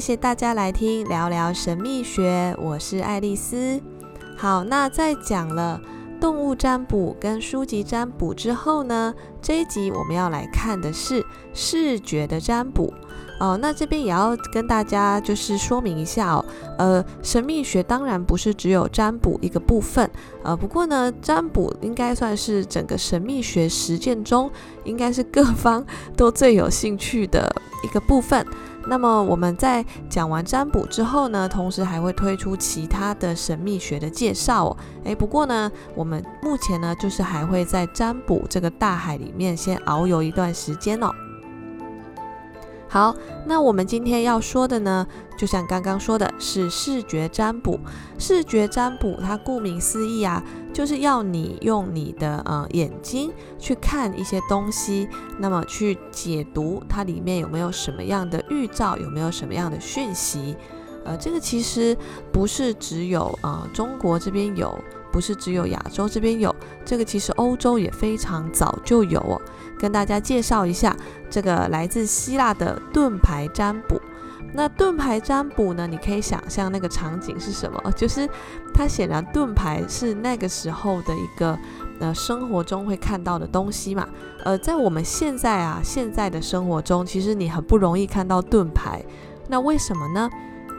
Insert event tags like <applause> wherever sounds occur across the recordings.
謝謝大家來聽聊聊神秘學，我是愛麗絲。好，那在講了動物占卜跟書籍占卜之後呢，這一集我們要來看的是視覺的占卜。哦，那這邊也要跟大家就是說明一下哦，呃，神秘學當然不是只有占卜一個部分，呃，不過呢，占卜應該算是整個神秘學實踐中，應該是各方都最有興趣的一個部分。那麼我們在講完占卜之後呢，同時還會推出其他的神秘學的介紹哦。誒，不過呢，我們目前呢，就是還會在占卜這個大海裡面先遨遊一段時間哦。好，那我們今天要說的呢，就像剛剛說的是視覺占卜。視覺占卜，它顧名思義啊，就是要你用你的呃眼睛去看一些東西，那麼去解讀它裡面有沒有什麼樣的預兆，有沒有什麼樣的訊息。呃，這個其實不是只有啊、呃、中國這邊有，不是只有亞洲這邊有，這個其實歐洲也非常早就有。跟大家介紹一下這個來自希臘的盾牌占卜。那盾牌占卜呢？你可以想象那個場景是什麼？就是它顯然盾牌是那個時候的一個呃生活中會看到的東西嘛。呃，在我們現在啊現在的生活中，其實你很不容易看到盾牌。那為什麼呢？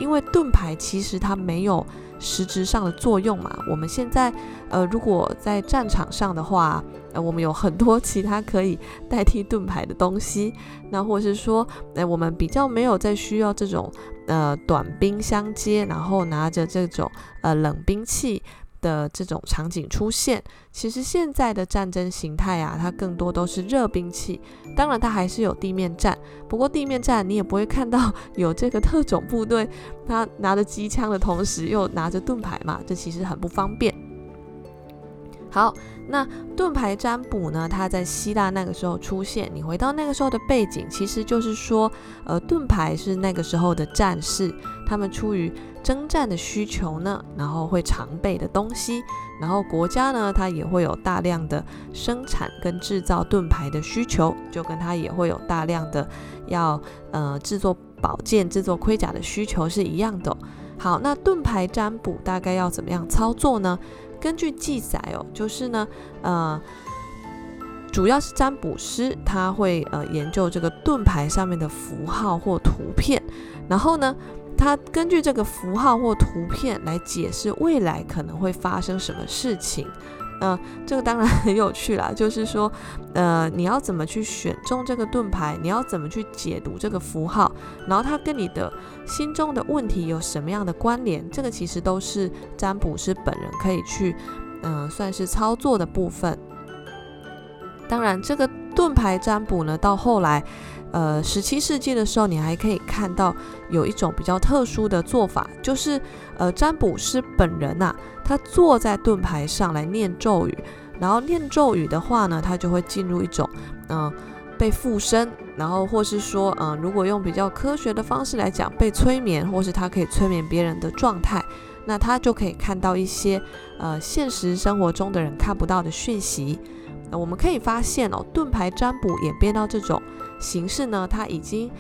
因為盾牌其實它沒有實質上的作用嘛。我們現在，呃，如果在戰場上的話，呃，我們有很多其他可以代替盾牌的東西，那或是說，哎、呃，我們比較沒有再需要這種，呃，短兵相接，然後拿着這種，呃，冷兵器。的這種場景出現，其實現在的戰爭形態啊，它更多都是熱兵器，當然它還是有地面戰，不過地面戰你也不會看到有這個特種部隊，他拿着機槍的同時又拿着盾牌嘛，這其實很不方便。好，那盾牌占卜呢？它在希臘那個時候出現，你回到那個時候的背景，其實就是說，呃，盾牌是那個時候的戰士，他們出於。征戰的需求呢，然後會常備的東西，然後國家呢，它也會有大量的生產跟製造盾牌的需求，就跟他也會有大量的要呃製作寶劍、製作盔甲的需求是一樣的哦。好，那盾牌占卜大概要怎麼樣操作呢？根據記載哦，就是呢，呃，主要是占卜師他會呃研究這個盾牌上面的符號或圖片，然後呢。他根據這個符號或圖片來解釋未來可能會發生什麼事情呃，呃這個當然很有趣了。就是說，呃，你要怎麼去選中這個盾牌，你要怎麼去解讀這個符號，然後它跟你的心中的問題有什麼樣的關聯，這個其實都是占卜師本人可以去，嗯、呃，算是操作的部分。當然，這個盾牌占卜呢，到後來。呃，十七世紀的時候，你還可以看到有一種比較特殊的做法，就是呃，占卜師本人吶、啊，他坐在盾牌上來念咒語，然後念咒語的話呢，他就會進入一種嗯、呃、被附身，然後或是說嗯、呃，如果用比較科學的方式來講，被催眠，或是他可以催眠別人的狀態，那他就可以看到一些呃現實生活中的人看不到的訊息。那我們可以發現哦、喔，盾牌占卜演變到這種。形式呢，它已經，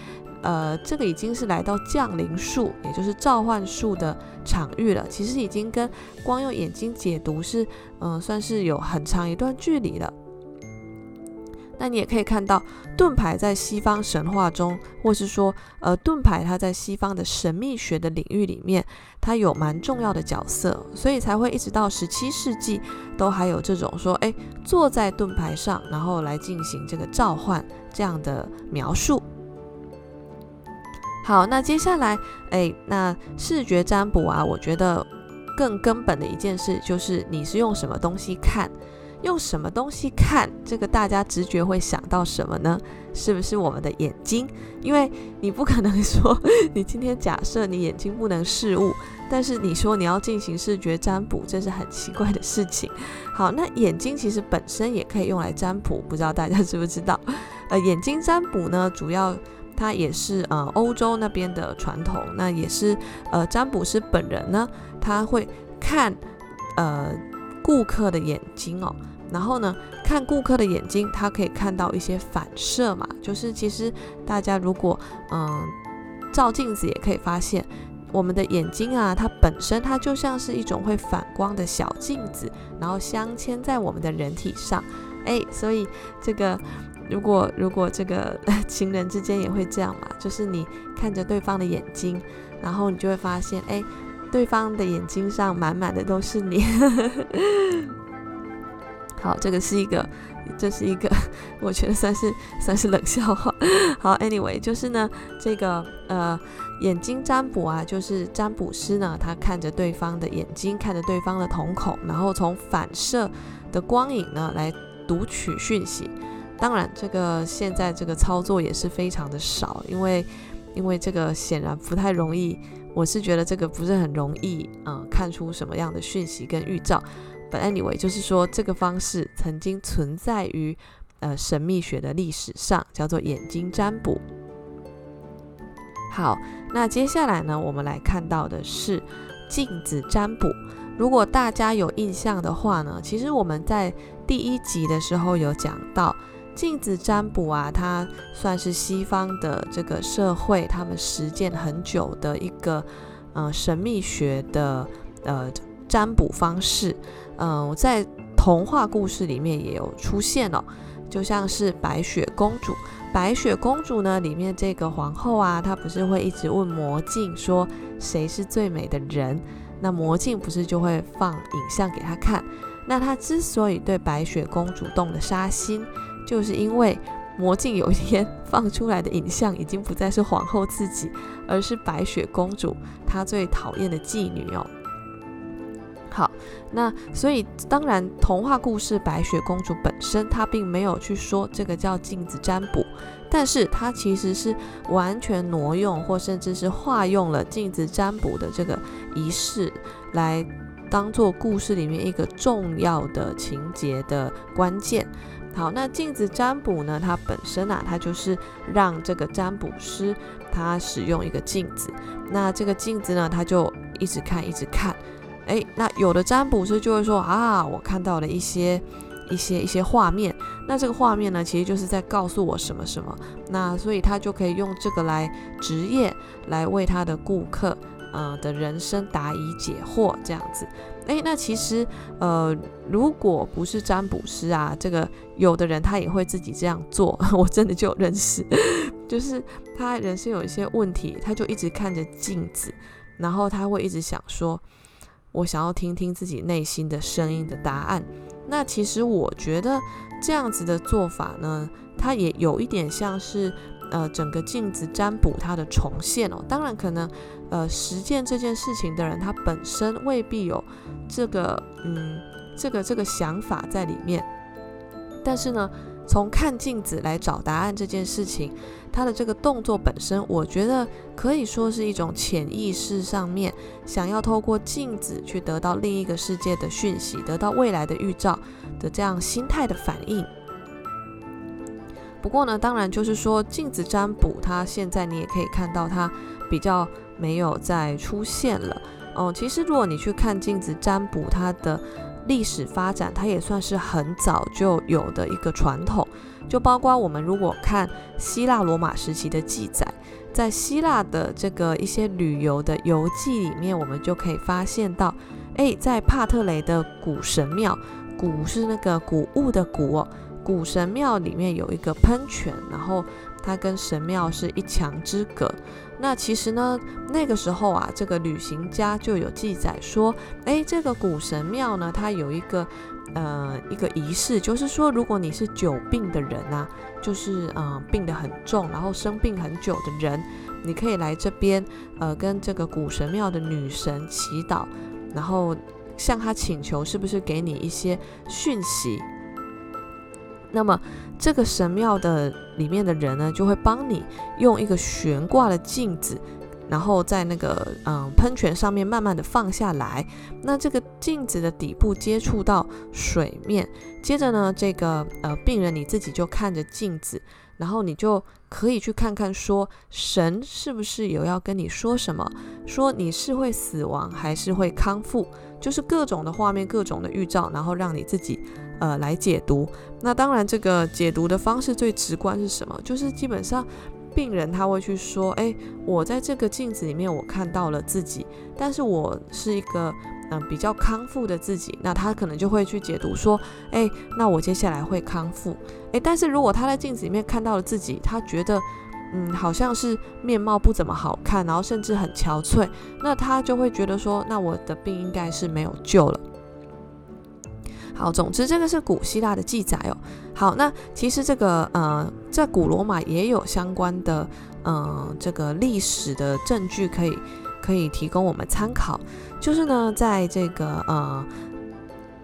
呃，這個已經是來到降臨術，也就是召喚術的場域了。其實已經跟光用眼睛解讀是，嗯、呃，算是有很長一段距離了。那你也可以看到，盾牌在西方神話中，或是說，呃，盾牌它在西方的神秘學的領域裡面，它有蠻重要的角色，所以才會一直到十七世紀都還有這種說，哎，坐在盾牌上，然後來進行這個召喚這樣的描述。好，那接下來，哎，那視覺占卜啊，我覺得更根本的一件事就是你是用什麼東西看。用什麼東西看這個？大家直覺會想到什麼呢？是不是我們的眼睛？因為你不可能說 <laughs> 你今天假設你眼睛不能視物，但是你說你要進行視覺占卜，這是很奇怪的事情。好，那眼睛其實本身也可以用來占卜，不知道大家知不知道？呃，眼睛占卜呢，主要它也是呃歐洲那邊的傳統。那也是呃占卜師本人呢，他會看呃顧客的眼睛哦。然後呢，看顧客的眼睛，他可以看到一些反射嘛，就是其實大家如果嗯照鏡子也可以發現，我們的眼睛啊，它本身它就像是一種會反光的小鏡子，然後鑲嵌在我們的人體上，誒，所以這個如果如果這個情人之間也會這樣嘛，就是你看着對方的眼睛，然後你就會發現，誒，對方的眼睛上滿滿的都是你。好，這個是一個，這是一個，我覺得算是算是冷笑話。好，anyway，就是呢，這個呃，眼睛占卜啊，就是占卜師呢，他看着對方的眼睛，看着對方的瞳孔，然後從反射的光影呢來讀取訊息。當然，這個現在這個操作也是非常的少，因為因為這個顯然不太容易。我是覺得這個不是很容易，嗯、呃，看出什麼樣的訊息跟預兆。But anyway，就是說這個方式曾經存在於呃神秘學的歷史上，叫做眼睛占卜。好，那接下來呢，我們來看到的是鏡子占卜。如果大家有印象的話呢，其實我們在第一集的時候有講到鏡子占卜啊，它算是西方的這個社會他們實踐很久的一個呃神秘學的呃占卜方式。嗯，我在童話故事裡面也有出現哦，就像是白雪公主。白雪公主呢，裡面這個皇後啊，她不是會一直問魔鏡說，誰是最美的人？那魔鏡不是就會放影像給她看？那她之所以對白雪公主動了殺心，就是因為魔鏡有一天放出來的影像已經不再是皇后自己，而是白雪公主她最討厭的繼女。哦。好，那所以當然，童話故事《白雪公主》本身它並沒有去說這個叫鏡子占卜，但是它其實是完全挪用或甚至是化用了鏡子占卜的這個儀式，來當做故事裡面一個重要的情節的關鍵。好，那鏡子占卜呢？它本身啊，它就是讓這個占卜師他使用一個鏡子，那這個鏡子呢，他就一直看，一直看。誒，那有的占卜師就會說啊，我看到了一些一些一些畫面，那這個畫面呢，其實就是在告訴我什麼什麼，那所以他就可以用這個來職業來為他的顧客，呃，的人生答疑解惑這樣子。誒，那其實呃，如果不是占卜師啊，這個有的人他也會自己這樣做。我真的就認識，就是他人生有一些問題，他就一直看着鏡子，然後他會一直想說……我想要聽聽自己內心的聲音的答案。那其實我覺得這樣子的做法呢，它也有一點像是呃整個鏡子占卜它的重現哦。當然，可能呃實踐這件事情的人，他本身未必有這個嗯這個這個想法在裡面，但是呢。從看鏡子來找答案這件事情，它的這個動作本身，我覺得可以說是一種潛意識上面想要透過鏡子去得到另一個世界的訊息，得到未來的預兆的這樣心態的反應。不過呢，當然就是說鏡子占卜，它現在你也可以看到它比較沒有再出現了。嗯，其實如果你去看鏡子占卜，它的。歷史發展，它也算是很早就有的一個傳統，就包括我們如果看希臘羅馬時期的記載，在希臘的這個一些旅遊的遊記裡面，我們就可以發現到，誒，在帕特雷的古神廟，古是那個古物的古哦，古神廟裡面有一個噴泉，然後。它跟神廟是一牆之隔。那其實呢，那個時候啊，這個旅行家就有記載說，哎，這個古神廟呢，它有一個，呃，一個儀式，就是說，如果你是久病的人啊，就是嗯、呃，病得很重，然後生病很久的人，你可以來這邊，呃，跟這個古神廟的女神祈禱，然後向她請求，是不是給你一些訊息。那麼，這個神廟的裡面的人呢，就會幫你用一個懸掛的鏡子，然後在那個嗯噴泉上面慢慢地放下來。那這個鏡子的底部接觸到水面，接着呢，這個呃病人你自己就看着鏡子，然後你就可以去看看，說神是不是有要跟你說什麼，說你是會死亡還是會康復，就是各種的畫面，各種的預兆，然後讓你自己。呃，來解讀。那當然，這個解讀的方式最直觀是什麼？就是基本上病人他會去說，哎，我在這個鏡子裡面我看到了自己，但是我是一個嗯、呃、比較康復的自己。那他可能就會去解讀說，哎，那我接下來會康復。哎，但是如果他在鏡子裡面看到了自己，他覺得嗯好像是面貌不怎麼好看，然後甚至很憔悴，那他就會覺得說，那我的病應該是沒有救了。好，總之這個是古希臘的記載哦。好，那其實這個呃，在古羅馬也有相關的嗯、呃、這個歷史的證據可以可以提供我們參考。就是呢，在這個呃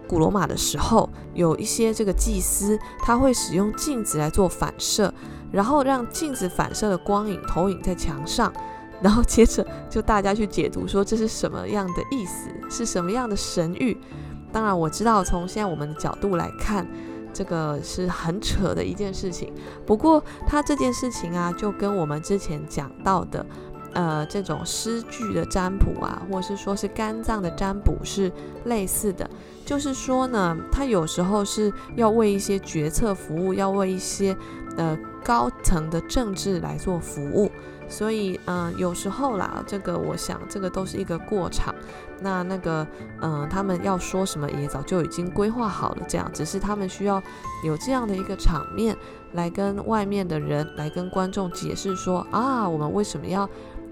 古羅馬的時候，有一些這個祭司他會使用鏡子來做反射，然後讓鏡子反射的光影投影在牆上，然後接着就大家去解讀說這是什麼樣的意思，是什麼樣的神諭。當然，我知道從現在我們的角度來看，這個是很扯的一件事情。不過，它這件事情啊，就跟我們之前講到的，呃，這種詩句的占卜啊，或者是說是肝臟的占卜是類似的。就是說呢，它有時候是要為一些決策服務，要為一些，呃，高層的政治來做服務。所以，嗯，有時候啦，這個我想，這個都是一個過場。那那個，嗯，他們要說什麼也早就已經規劃好了，這樣只是他們需要有這樣的一個場面來跟外面的人，來跟觀眾解釋說啊，我們為什麼要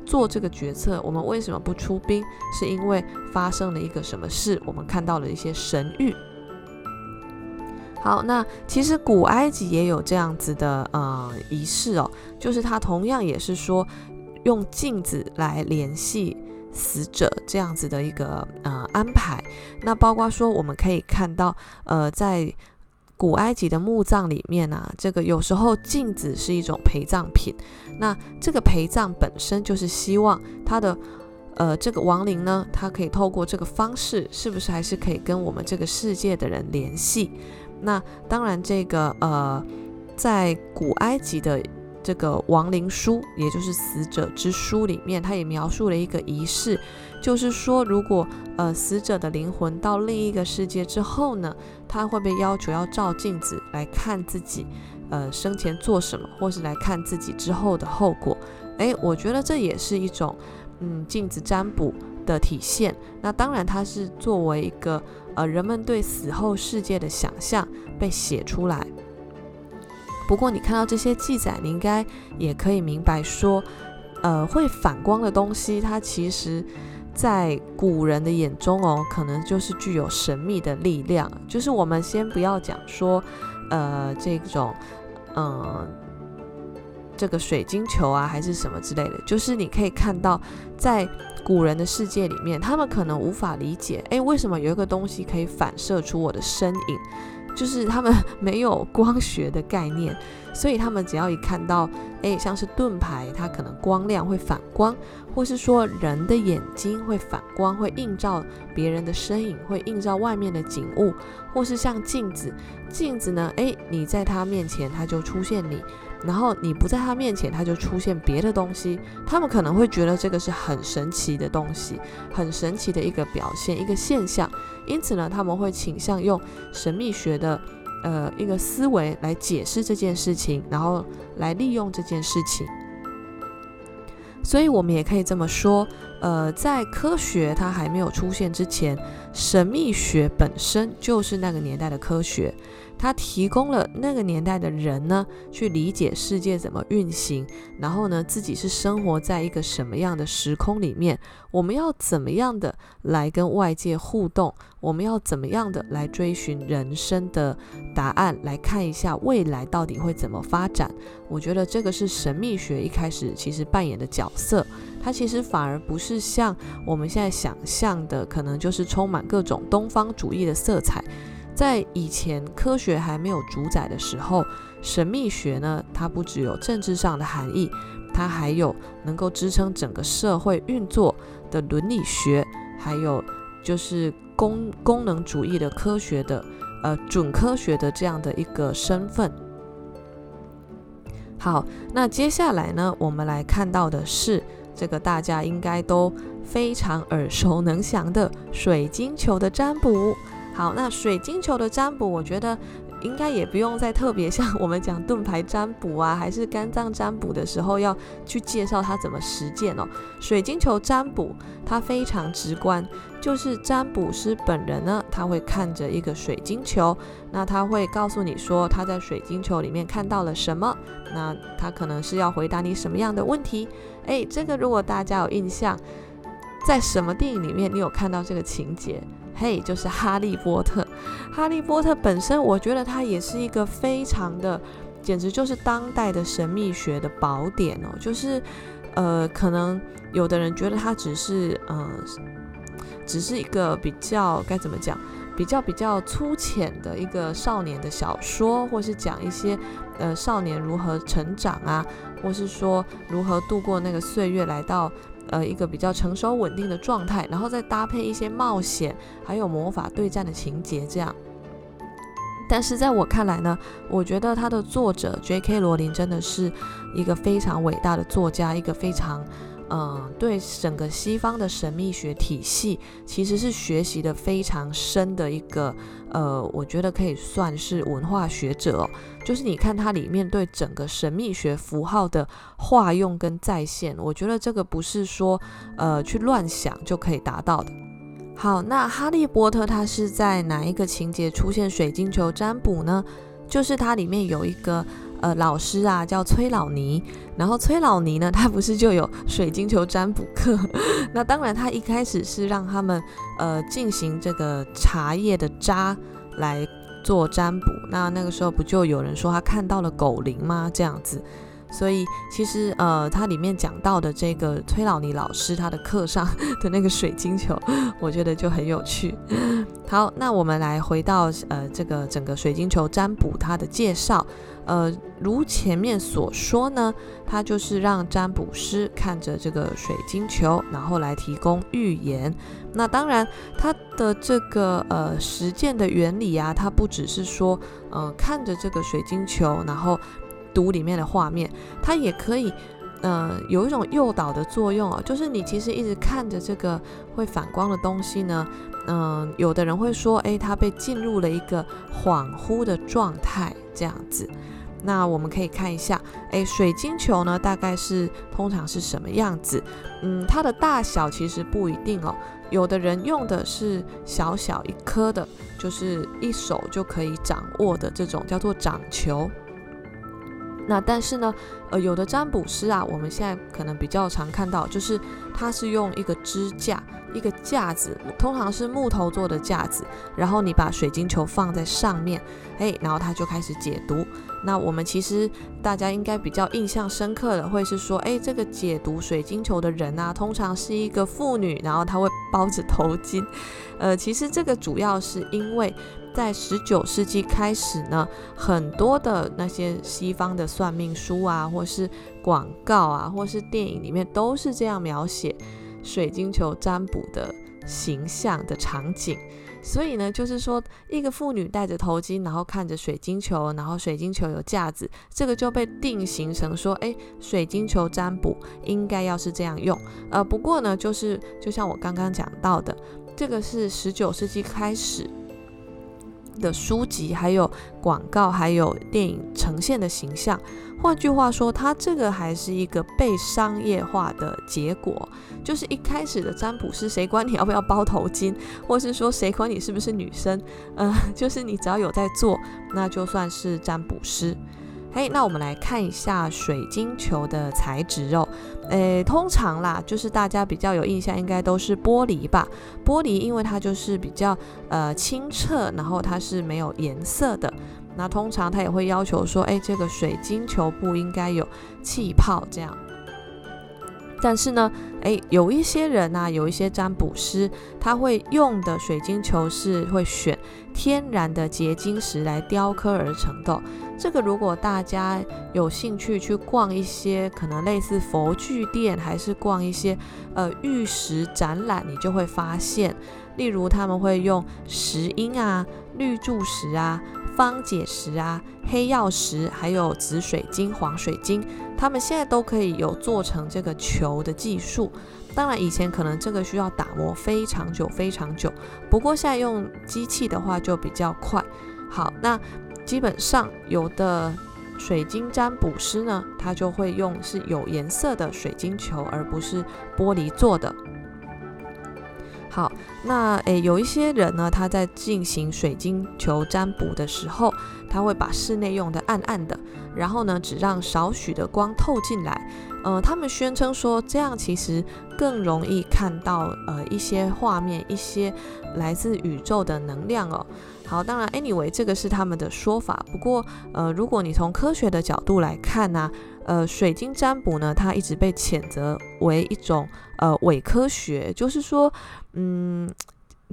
做這個決策？我們為什麼不出兵？是因為發生了一個什麼事，我們看到了一些神諭。好，那其實古埃及也有這樣子的呃儀式哦，就是它同樣也是說用鏡子來聯繫死者這樣子的一個呃安排。那包括說我們可以看到，呃，在古埃及的墓葬裡面呢，這個有時候鏡子是一種陪葬品。那這個陪葬本身就是希望它的。呃，這個亡靈呢，他可以透過這個方式，是不是還是可以跟我們這個世界的人聯繫？那當然，這個呃，在古埃及的這個亡靈書，也就是死者之書裡面，他也描述了一個儀式，就是說，如果呃死者的靈魂到另一個世界之後呢，他會被要求要照鏡子來看自己，呃，生前做什麼，或是來看自己之後的後果。誒，我覺得這也是一種。嗯，鏡子占卜的體現，那當然它是作為一個呃人們對死後世界的想象被寫出來。不過你看到這些記載，你應該也可以明白說，呃，會反光的東西，它其實在古人的眼中哦，可能就是具有神秘的力量。就是我們先不要講說，呃，這種，嗯、呃。這個水晶球啊，還是什麼之類的，就是你可以看到，在古人的世界裡面，他們可能無法理解，哎，為什麼有一個東西可以反射出我的身影？就是他們沒有光學的概念，所以他們只要一看到，哎，像是盾牌，它可能光亮會反光，或是說人的眼睛會反光，會映照別人的身影，會映照外面的景物，或是像鏡子，鏡子呢，哎，你在它面前，它就出現你。然後你不在他面前，他就出現別的東西。他們可能會覺得這個是很神奇的東西，很神奇的一個表現，一個現象。因此呢，他們會傾向用神秘學的呃一個思維來解釋這件事情，然後來利用這件事情。所以我們也可以這麼說，呃，在科學它還沒有出現之前，神秘學本身就是那個年代的科學。它提供了那個年代的人呢，去理解世界怎麼運行，然後呢，自己是生活在一個什麼樣的時空裡面，我們要怎麼樣的來跟外界互動，我們要怎麼樣的來追尋人生的答案，來看一下未來到底會怎麼發展。我覺得這個是神祕學一開始其實扮演的角色，它其實反而不是像我們現在想象的，可能就是充滿各種東方主義的色彩。在以前科學還沒有主宰的時候，神秘學呢，它不只有政治上的含義，它還有能夠支撐整個社會運作的倫理學，還有就是功功能主義的科學的，呃，準科學的這樣的一個身份。好，那接下來呢，我們來看到的是這個大家應該都非常耳熟能詳的水晶球的占卜。好，那水晶球的占卜，我覺得應該也不用再特別像我們講盾牌占卜啊，還是肝臟占卜的時候要去介紹它怎麼實踐哦，水晶球占卜它非常直觀，就是占卜師本人呢，他會看着一個水晶球，那他會告訴你說他在水晶球裡面看到了什麼，那他可能是要回答你什麼樣的問題。誒，這個如果大家有印象，在什麼電影裡面你有看到這個情節？嘿，hey, 就是哈利波特《哈利波特》。《哈利波特》本身，我覺得它也是一個非常的，簡直就是當代的神秘學的寶典哦。就是，呃，可能有的人覺得它只是，嗯、呃，只是一個比較該怎麼講，比較比較粗淺的一個少年的小說，或是講一些，呃，少年如何成長啊，或是說如何度過那個歲月來到。呃，一個比較成熟穩定的狀態，然後再搭配一些冒險，還有魔法對戰的情節，這樣。但是在我看來呢，我覺得他的作者 J.K. 羅琳真的是一個非常偉大的作家，一個非常。嗯，對整個西方的神秘學體系，其實是學習得非常深的一個，呃，我覺得可以算是文化學者哦。就是你看它裡面對整個神秘學符號的化用跟再現，我覺得這個不是說呃去亂想就可以達到的。好，那《哈利波特》它是在哪一個情節出現水晶球占卜呢？就是它裡面有一個。呃，老師啊，叫崔老尼，然後崔老尼呢，他不是就有水晶球占卜課？ <laughs> 那當然，他一開始是讓他們呃進行這個茶葉的渣來做占卜。那那個時候不就有人說他看到了狗靈嗎？這樣子。所以其實呃，它裡面講到的這個崔老尼老師他的課上的那個水晶球，我覺得就很有趣。好，那我們來回到呃，這個整個水晶球占卜它的介紹。呃，如前面所說呢，它就是讓占卜師看着這個水晶球，然後來提供預言。那當然，它的這個呃實踐的原理啊，它不只是說嗯、呃、看着這個水晶球，然後。讀裡面的畫面，它也可以，嗯、呃，有一種誘導的作用哦。就是你其實一直看着這個會反光的東西呢，嗯、呃，有的人會說，誒，它被進入了一個恍惚的狀態這樣子。那我們可以看一下，誒，水晶球呢，大概是通常是什麼樣子？嗯，它的大小其實不一定哦。有的人用的是小小一顆的，就是一手就可以掌握的這種，叫做掌球。那但是呢，呃，有的占卜師啊，我們現在可能比較常看到，就是他是用一個支架、一個架子，通常是木頭做的架子，然後你把水晶球放在上面，哎、欸，然後他就開始解讀。那我們其實大家應該比較印象深刻的，會是說，誒、欸，這個解讀水晶球的人啊，通常是一個婦女，然後她會包着頭巾。呃，其實這個主要是因為。在十九世紀開始呢，很多的那些西方的算命書啊，或是廣告啊，或是電影裡面都是這樣描寫水晶球占卜的形象的場景。所以呢，就是說一個婦女戴着頭巾，然後看着水晶球，然後水晶球有架子，這個就被定型成說，哎，水晶球占卜應該要是這樣用。呃，不過呢，就是就像我剛剛講到的，這個是十九世紀開始。的書籍，還有廣告，還有電影呈現的形象。換句話說，它這個還是一個被商業化的結果。就是一開始的占卜師，誰管你要不要包頭巾，或是說誰管你是不是女生？嗯、呃，就是你只要有在做，那就算是占卜師。嘿，hey, 那我們來看一下水晶球的材質哦。誒、欸，通常啦，就是大家比較有印象，應該都是玻璃吧？玻璃因為它就是比較呃清澈，然後它是沒有顏色的。那通常它也會要求說，誒、欸，這個水晶球不應該有氣泡這樣。但是呢，誒，有一些人吶、啊，有一些占卜師，他會用的水晶球是會選天然的結晶石來雕刻而成的。這個如果大家有興趣去逛一些可能類似佛具店，還是逛一些呃玉石展覽，你就會發現，例如他們會用石英啊、綠柱石啊。方解石啊，黑曜石，還有紫水晶、黃水晶，它們現在都可以有做成這個球的技術。當然，以前可能這個需要打磨非常久、非常久，不過現在用機器的話就比較快。好，那基本上有的水晶占卜師呢，他就會用是有顏色的水晶球，而不是玻璃做的。那誒，有一些人呢，他在進行水晶球占卜的時候，他會把室內用得暗暗的，然後呢，只讓少許的光透進來。呃，他們宣稱說，這樣其實更容易看到呃一些畫面，一些來自宇宙的能量哦。好，當然，anyway，這個是他們的說法。不過，呃，如果你從科學的角度來看呢，啊，呃，水晶占卜呢，它一直被譴責為一種呃偽科學。就是說，嗯，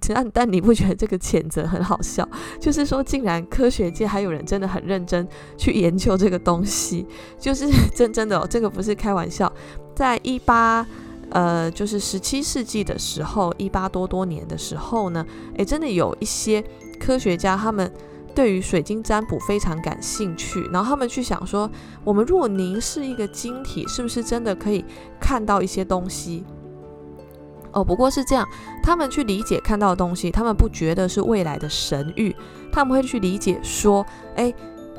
但但你不覺得這個譴責很好笑？就是說，竟然科學界還有人真的很認真去研究這個東西，就是真真的哦，這個不是開玩笑。在一八呃，就是十七世紀的時候，一八多多年的時候呢，誒、欸，真的有一些。科學家他們對於水晶占卜非常感興趣，然後他們去想說，我們如果凝視一個晶體，是不是真的可以看到一些東西？哦，不過是這樣，他們去理解看到的東西，他們不覺得是未來的神諭，他們會去理解說，哎，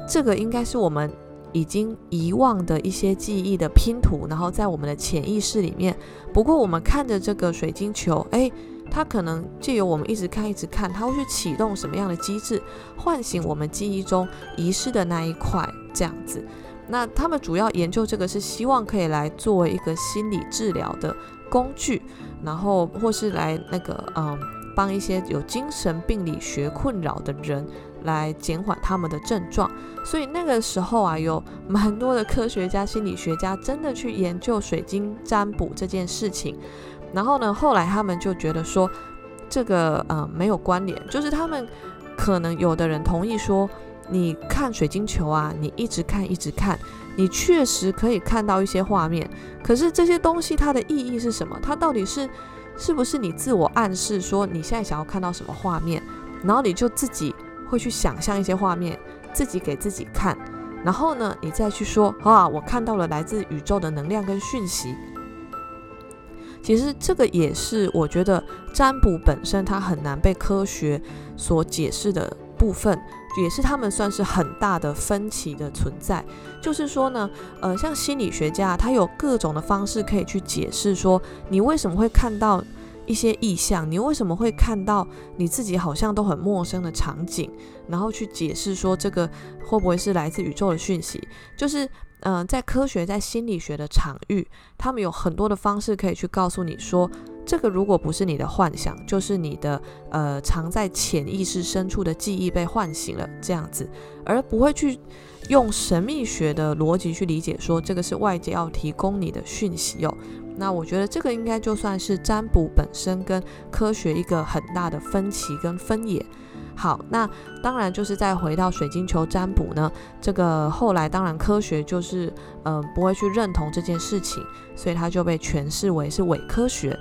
這個應該是我們已經遺忘的一些記憶的拼圖，然後在我們的潛意識裡面。不過我們看着這個水晶球，哎。它可能借由我們一直看，一直看，它會去啟動什麼樣的機制，喚醒我們記憶中遺失的那一塊，這樣子。那他們主要研究這個是希望可以來作為一個心理治療的工具，然後或是來那個，嗯，幫一些有精神病理學困擾的人來減緩他們的症狀。所以那個時候啊，有蠻多的科學家、心理學家真的去研究水晶占卜這件事情。然後呢，後來他們就覺得說，這個呃沒有關聯。就是他們可能有的人同意說，你看水晶球啊，你一直看一直看，你確實可以看到一些畫面。可是這些東西它的意義是什麼？它到底是是不是你自我暗示說你現在想要看到什麼畫面，然後你就自己會去想象一些畫面，自己給自己看。然後呢，你再去說啊，我看到了來自宇宙的能量跟訊息。其實這個也是我覺得占卜本身它很難被科學所解釋的部分，也是他們算是很大的分歧的存在。就是說呢，呃，像心理學家，他有各種的方式可以去解釋說你為什麼會看到一些異象，你為什麼會看到你自己好像都很陌生的場景。然後去解釋說這個會不會是來自宇宙的訊息？就是，嗯、呃，在科學在心理學的場域，他們有很多的方式可以去告訴你說，這個如果不是你的幻想，就是你的呃藏在潛意識深處的記憶被喚醒了這樣子，而不會去用神秘學的邏輯去理解說這個是外界要提供你的訊息哦。那我覺得這個應該就算是占卜本身跟科學一個很大的分歧跟分野。好，那當然就是再回到水晶球占卜呢，這個後來當然科學就是，嗯、呃，不會去認同這件事情，所以它就被詮釋為是偽科學。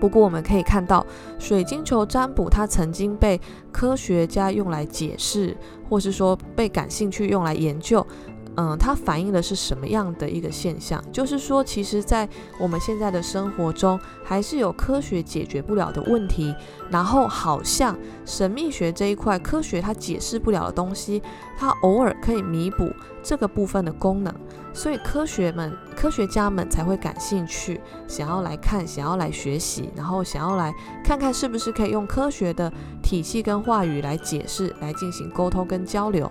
不過我們可以看到，水晶球占卜它曾經被科學家用來解釋，或是說被感興趣用來研究。嗯，它反映的是什麼樣的一個現象？就是說，其實，在我們現在的生活中，還是有科學解決不了的問題。然後，好像神秘學這一塊，科學它解釋不了的東西，它偶爾可以彌補這個部分的功能。所以，科學們、科學家們才會感興趣，想要來看，想要來學習，然後想要來看看是不是可以用科學的體系跟話語來解釋，來進行溝通跟交流。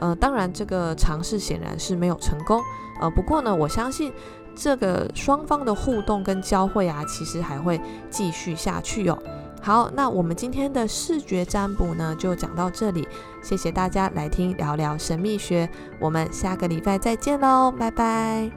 呃，當然，這個嘗試顯然是沒有成功。呃，不過呢，我相信這個雙方的互動跟交匯啊，其實還會繼續下去喲、哦。好，那我們今天的水晶占卜呢，就講到這裡。謝謝大家來聽聊聊神秘學，我們下個禮拜再見嘍，拜拜。